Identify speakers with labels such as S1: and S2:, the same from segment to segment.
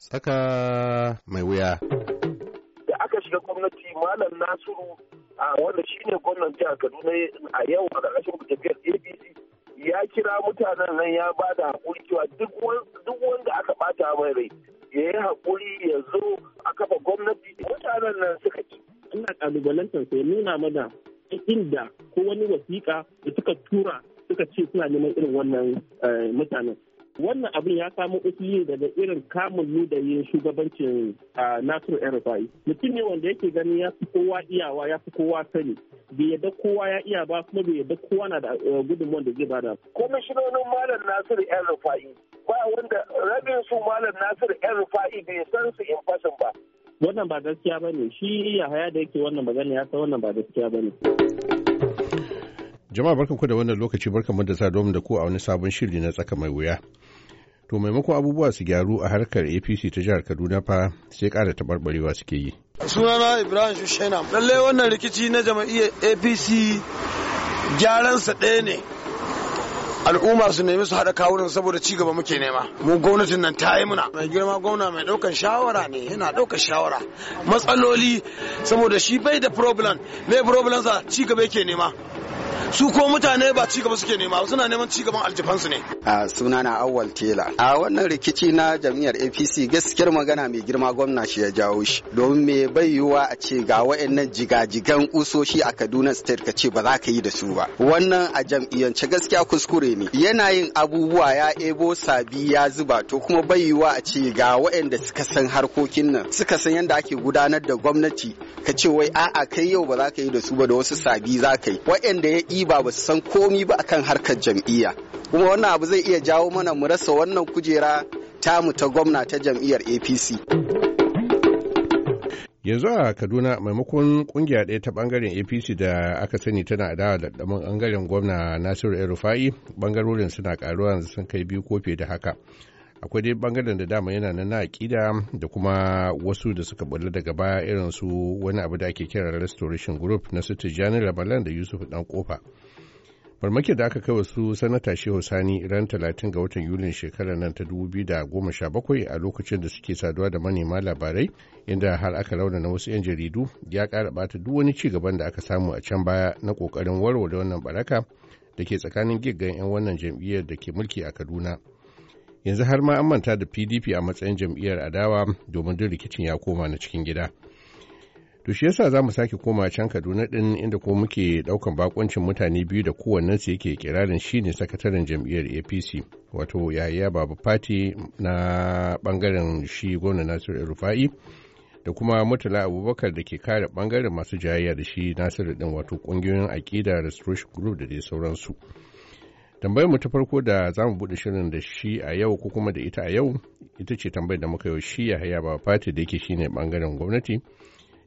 S1: saka mai wuya.
S2: Da aka shiga gwamnati Malam Nasiru a wanda ne gwamnan jihar Kaduna a yau a ƙarƙashin tafiyar APC ya kira mutanen nan ya ba da haƙuri cewa duk wanda aka ɓata mai rai
S3: ya yi haƙuri ya zo a kafa gwamnati mutanen nan suka ci. Ina ƙalubalantar sai nuna mana inda ko wani wasiƙa da suka tura suka ce suna neman irin wannan eh, mutanen. wannan abin ya samo usuli daga irin kamun da yin shugabancin nasiru rfi mutum ne wanda yake gani ya fi kowa iyawa ya fi kowa sani bai yadda kowa ya iya ba kuma bai yadda kowa na da gudunmuwan da zai bada
S2: wani malam nasiru rfi ba wanda rabin su malam nasiru
S3: rfi bai san su in fasin ba wannan ba gaskiya ba ne shi haya da yake wannan magana ya san wannan ba gaskiya ba ne
S1: Jama'a ku da wannan lokaci mu da domin da ku a wani sabon shiri na tsaka mai wuya. To maimakon abubuwa su gyaru a harkar APC ta jihar Kaduna fa sai ƙara taɓarɓarewa suke yi.
S2: Sunana Ibrahim Shushena. Lalle wannan rikici na jama'iyyar APC sa ɗaya ne. al'umma su nemi su haɗa kawunan saboda ci gaba muke nema mu gwamnatin nan ta yi muna mai girma gwamna mai ɗaukan shawara ne yana ɗaukan shawara matsaloli saboda shi bai da problem mai problem sa ci gaba yake nema su ko mutane ba ci gaba suke nema suna
S3: neman ci gaban aljifansu ne a suna na awwal tela a wannan rikici na jam'iyyar apc gaskiyar magana mai girma gwamna shi ya jawo shi domin me bai yiwuwa a ce ga wayannan jigajigan kusoshi a kaduna state ka ce ba za ka yi da su ba wannan a jam'iyyance gaskiya kuskure ne yana yin abubuwa ya ebo sabi ya zuba to kuma bai yiwuwa a ce ga wayanda suka san harkokin nan suka san yadda ake gudanar da gwamnati ka ce wai a'a kai yau ba za ka yi da su ba da wasu sabi za ka yi wayanda ya ba ba su san komi ba akan harkar jam'iyya kuma wannan abu zai iya jawo mana mu rasa wannan kujera tamu ta gwamna ta jam'iyyar apc
S1: yanzu a kaduna maimakon kungiya ɗaya ta bangaren apc da aka sani tana adawa da ɗaman bangaren gwamna nasiru el rufa'i bangarorin suna karuwa sun kai biyu ko da haka akwai dai bangaren da dama yana na aƙida da kuma wasu da suka bulle daga baya irin su wani abu da ake kira restoration group na su tijjani labalan da yusuf dan kofa farmakin da aka kai su sanata shehu sani ran talatin ga watan yulin shekarar nan ta 2017 a lokacin da suke saduwa da manema labarai inda har aka na wasu 'yan jaridu ya ƙara bata duk wani ci gaban da aka samu a can baya na ƙoƙarin warware wannan baraka da ke tsakanin giggan 'yan wannan jam'iyyar da ke mulki a kaduna yanzu har ma an manta da pdp a matsayin jam'iyyar adawa domin duk rikicin ya koma na cikin gida to shi yasa za mu sake koma can kaduna din inda ko muke daukan bakoncin mutane biyu da kowannen su yake kirarin shine sakataren jam'iyyar apc wato yahaya babu fati na bangaren shi gwamna nasiru rufa'i da kuma mutala abubakar da ke kare bangaren masu jayayya da shi nasiru din wato kungiyoyin aƙida restoration group da dai sauransu tambayar mu ta farko da za mu buɗe shirin da shi a yau ko kuma da ita a yau ita ce tambayar da muka yau shi ya haya ba fati da yake shine bangaren gwamnati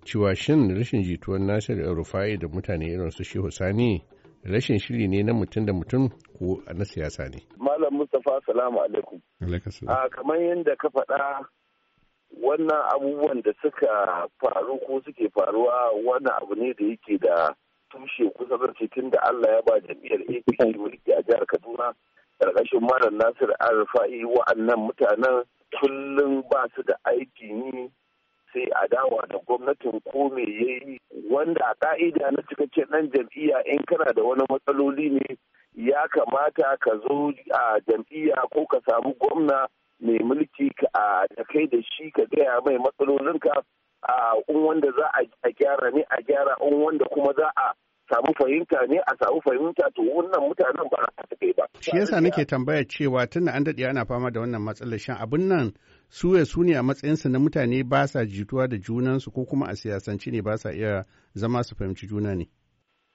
S1: cewa shin rashin jituwar nasir rufai da mutane irin su shehu sani rashin shiri ne na mutum da mutum ko na siyasa ne
S2: malam mustapha salamu alaikum a ah, kamar yadda ka faɗa wannan abubuwan da suka faru ko suke faruwa wannan abu ne da yake da tushe kusa tun da Allah ya ba jam'iyyar APC mulki a jihar Kaduna karkashin Malam Nasir Arfa'i wa'annan mutanen kullum ba su da aiki yi sai a dawa da gwamnatin ko me yayi wanda a ka'ida na cikakken ɗan jam'iyya in kana da wani matsaloli ne ya kamata ka zo a jam'iyya ko ka samu gwamna mai mulki a kai da shi ka gaya mai matsalolinka in wanda za a gyara ne a gyara in wanda kuma za a samu fahimta ne a samu fahimta to wannan mutanen ba a kai ba.
S1: Shi yasa nake tambaya cewa tunda an daɗe ana fama da wannan matsalar shan abin nan su su ne a matsayinsu na mutane ba sa jituwa da junansu ko kuma a siyasance ne ba sa iya zama su fahimci juna ne.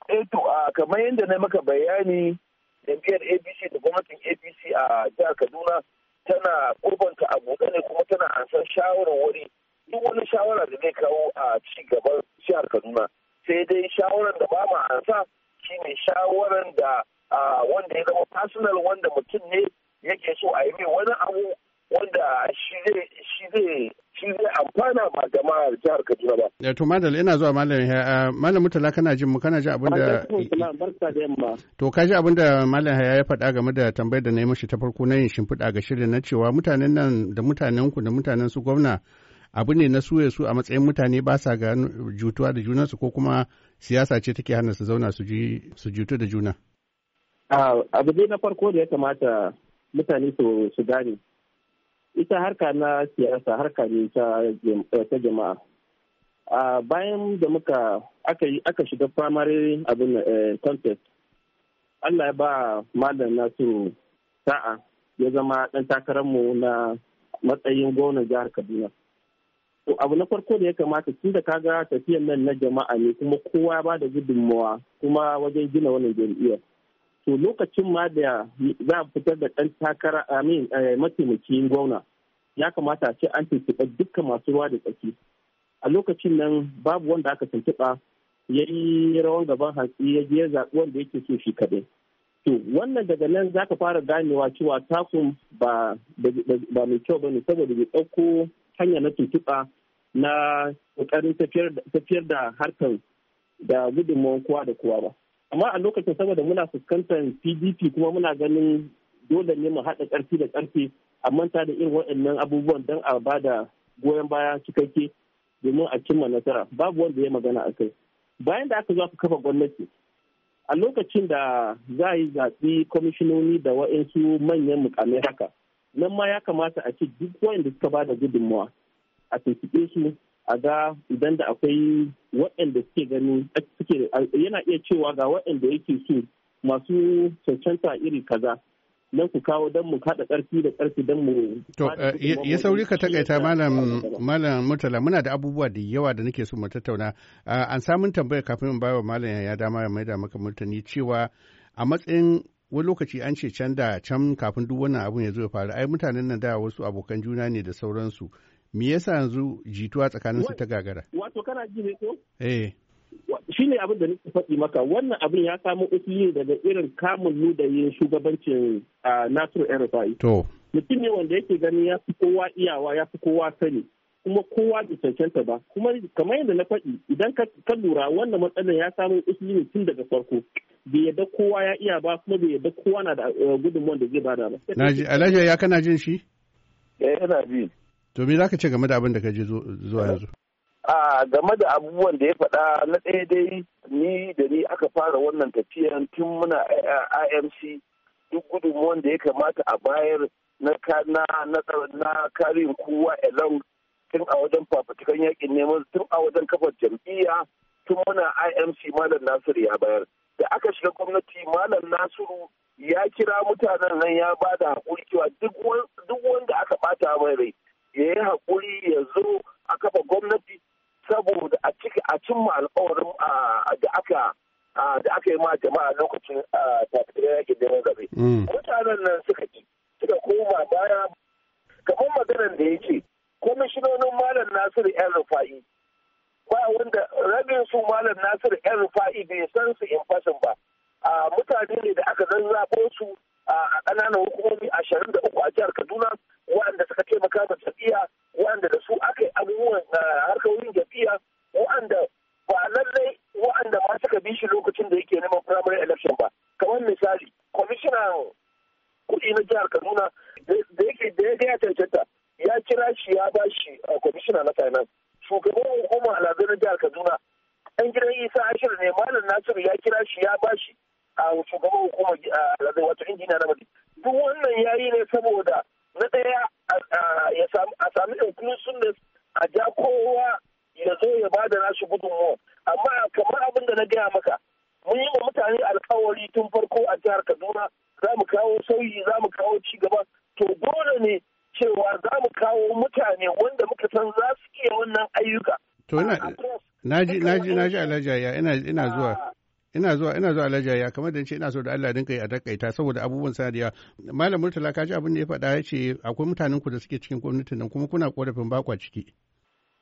S2: Eh to kamar yadda na maka bayani jam'iyyar ABC da gwamnatin ABC a jihar Kaduna tana kurbanta a ne kuma tana ansan shawarwari wani shawara da zai kawo a ci gaban jihar kaduna sai dai shawaran da ba ma ansa shine shawaran da wanda ya zama personal wanda mutum ne yake so a yi mai wani abu wanda shi zai shi zai amfana ba jama'ar jihar Kaduna ba.
S1: Ya eh, to madal ina zuwa malam ya eh, eh, malam mutala kana jin mu kana ji abin da To ka ji abin da malam ya ya faɗa game da tambayar da na yi mashi ta farko na yin shimfiɗa ga shirin na cewa mutanen nan da mutanen ku da mutanen su gwamna abu ne na suya su a matsayin mutane ba sa ga jutuwa da junansu ko kuma siyasa ce take hana su zauna su jutu da juna?
S3: Abu ne na farko da ya kamata mutane su gane. Ita harka na siyasa harka ne ta jama'a. a Bayan da muka aka shiga primary abin eh, contest, Allah ya ba malam su sa'a ya zama ɗan takararmu na matsayin gwamnan jihar Kaduna. to abu na farko da ya kamata tun da kaga tafiyan nan na jama'a ne kuma kowa ya da gudunmawa kuma wajen gina wannan jam'iyyar to lokacin ma da za a fitar da ɗan takara amin eh, mataimakin gwamna ya kamata a ce an tuntuɓa dukkan masu ruwa da tsaki a lokacin nan babu wanda aka tuntuɓa ya yi rawan gaban hantsi ya je zaɓi wanda yake so shi kaɗai to wannan daga nan za ka fara ganewa cewa takun ba mai kyau ba ne saboda bai ɗauko hanya na tuntuɓa na kokarin tafiyar da harkar da gudunmawar kowa da kowa ba amma a lokacin saboda muna fuskantar pdp kuma muna ganin dole ne mu haɗa ƙarfi da ƙarfi a manta da irin waɗannan abubuwan don a ba da goyon baya cikakke domin a cimma nasara babu wanda ya magana a kai bayan da aka zo aka kafa gwamnati a lokacin da za a yi zaɓi kwamishinoni da wa'insu manyan mukamai haka nan ma ya kamata a ce duk wanda suka ba da gudunmawa a tuntuɓe su a ga idan da akwai waɗanda suke gani yana iya cewa ga waɗanda yake so masu cancanta iri kaza nan ku kawo don mu kaɗa ƙarfi da ƙarfi don mu.
S1: To, eh, ya sauri ka takaita malam Murtala muna da abubuwa da yawa da nake so mu tattauna. An samun tambaya kafin in bawa malam ya dama ya maida maka martani cewa a matsayin wani lokaci an ce can da can kafin duk wannan abun ya zo ya faru ai mutanen nan da wasu abokan juna ne da sauransu Me yasa yanzu jituwa tsakanin su ta gagara?
S3: Wato kana ji ne ko? Eh. Shi ne abin da nake faɗi maka wannan abin ya samu usuli daga irin kamun ludayin shugabancin Nasiru Erufai. To. Mutum ne wanda yake ganin ya fi kowa iyawa ya fi kowa sani. kuma kowa bai cancanta ba kuma kamar yadda na faɗi idan ka lura wannan matsalar ya samu usuli ne tun daga farko bai yadda kowa ya iya ba kuma bai yadda kowa na da eh, gudunmuwan da zai bada ba. Naji
S1: Alhaji ya kana jin shi?
S3: Eh ina ji.
S1: To me zaka ce game da abin da ka je zuwa yanzu?
S3: A game da abubuwan da ya faɗa na ɗaya
S2: dai ni da ni aka fara wannan tafiyan tun muna eh, eh, IMC duk gudunmuwan da ya kamata a bayar na karin kowa along tun a wajen fafatukan yakin neman tun a wajen kafar jam'iyya tun muna IMC Malam Nasiru ya bayar. Da aka shiga gwamnati Malam Nasiru ya kira mutanen nan ya ba da hakuri cewa duk wanda aka bata mai rai ya yi haƙuri ya zo a kafa gwamnati saboda a cikin a cimma alƙawarin da aka da aka yi ma jama'a lokacin tafiyar yakin neman zaɓe. Mm. Mutanen nan suka ki suka koma baya kamar maganar da ya ce kwamishinonin malam Nasiru yan rufa'i ba wanda rabin su malam Nasiru yan rufa'i bai san su in fasin ba. Mutane ne da aka zazzafo su a ƙananan hukumomi ashirin da uku a jihar kaduna waɗanda suka taimaka ma jam'iyya waɗanda da su aka yi abubuwan harkokin jam'iyya waɗanda ba lallai waɗanda ma suka bi shi lokacin da yake neman primary election ba gudunmuwa amma kamar abin da na gaya maka mun yi wa mutane alkawari tun farko a jihar kaduna za mu kawo sauyi za mu kawo ci gaba to dole ne cewa za mu kawo mutane wanda muka san za su iya wannan ayyuka
S1: to ina naji naji naji ina zuwa ina zuwa ina zuwa ya kamar da ce ina so da Allah dinka yi a takaita saboda abubuwan sadiya malam murtala kaji abin da ya faɗa ya ce akwai mutanen ku da suke cikin gwamnatin nan kuma kuna korafin bakwa ciki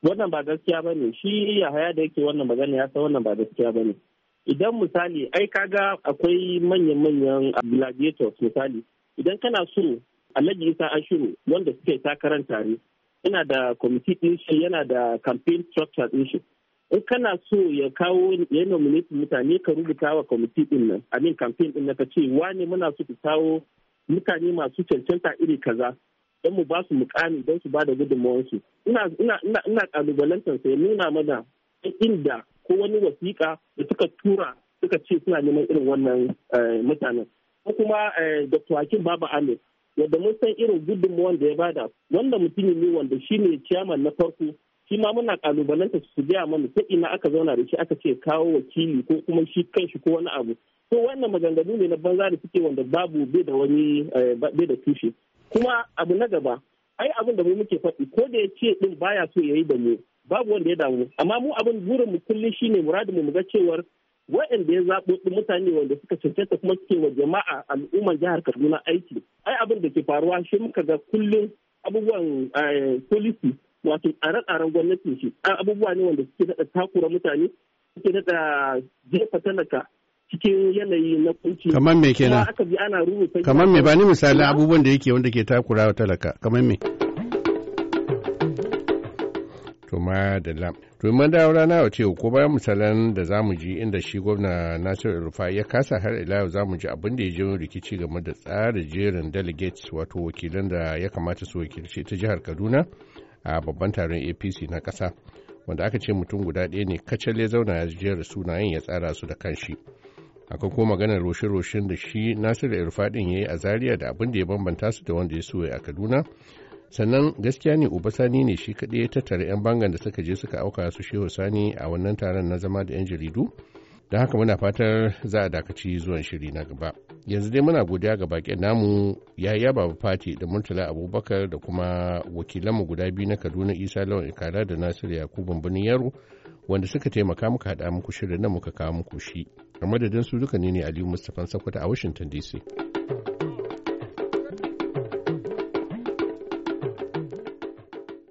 S3: wannan ba gaskiya ba ne shi haya da yake wannan magana ya san wannan ba gaskiya ba ne idan misali ai kaga akwai manyan-manyan gladiators misali idan kana so alhaji isa shiru wanda suke takarar tare yana da kwamiti din shi yana da campaign structure din shi in kana so ya kawo ya nominate mutane ka rubuta wa kwamiti din nan amin campaign din na ka ce wane muna so ku kawo mutane masu cancanta iri kaza don mu ba su mukami don su ba da gudunmawarsu ina ina ina kalubalantar sai nuna mana inda ko wani wasiƙa da suka tura suka ce suna neman irin wannan eh, mutanen ko kuma eh, dr hakim baba ahmed wanda mun san irin gudunmawar da ya bada wanda mutumi ne wanda shine ciyaman na farko shi ma muna kalubalanta su gaya mana ta ina aka zauna da shi aka ce kawo wakili ko kuma shi kanshi ko wani abu to wannan maganganu ne na banza da suke wanda babu bai da wani eh, bai da tushe kuma abu na gaba ai abin da mu muke faɗi ko da ya ce din baya so yi da mu babu wanda ya damu amma mu abin burin mu kullum shine muradin mu ga cewar waɗanda ya zaɓo din mutane wanda suka cancanta kuma suke wa jama'a al'umman jihar Kaduna aiki ai abin da ke faruwa shi muka ga kullum abubuwan eh, policy wato tsare-tsaren gwamnatin shi abubuwa ne wanda suke daɗa takura mutane suke daɗa jefa talaka cikin yanayi na kunci kamar me kenan aka bi ana rubuta kamar me ba ni misali abubuwan
S1: da yake wanda ke takura wa talaka kamar me to ma da lam to mun dawo rana wace ko bayan misalan da zamu ji inda shi gwamna Nasiru Rufa ya kasa har ila yau zamu ji abin da ya janyo rikici game da tsara jerin delegates wato wakilan da ya kamata su wakilci ta jihar Kaduna a babban taron APC na kasa wanda aka ce mutum guda ɗaya ne kacal ya zauna ya jera sunayen ya tsara su da kanshi. akwai ko maganar roshe-roshen da shi nasiru irfadin ya yi a zaria da abin da ya bambanta su da wanda ya soya a kaduna sannan gaskiya ne uba sani ne shi kaɗai ya tattara 'yan bangan da suka je suka auka su shehu sani a wannan taron na zama da 'yan jaridu don haka muna fatar za a dakaci zuwan shiri na gaba yanzu dai muna godiya ga bakin namu ya yaba fati da murtala abubakar da kuma wakilanmu guda biyu na kaduna isa lawan ikara da nasiru yakubu bani yaro wanda suka taimaka muka haɗa muku shirin nan muka kawo muku shi. A madadin su duka ne ne Aliyu Mustapha Sakwata a Washington DC.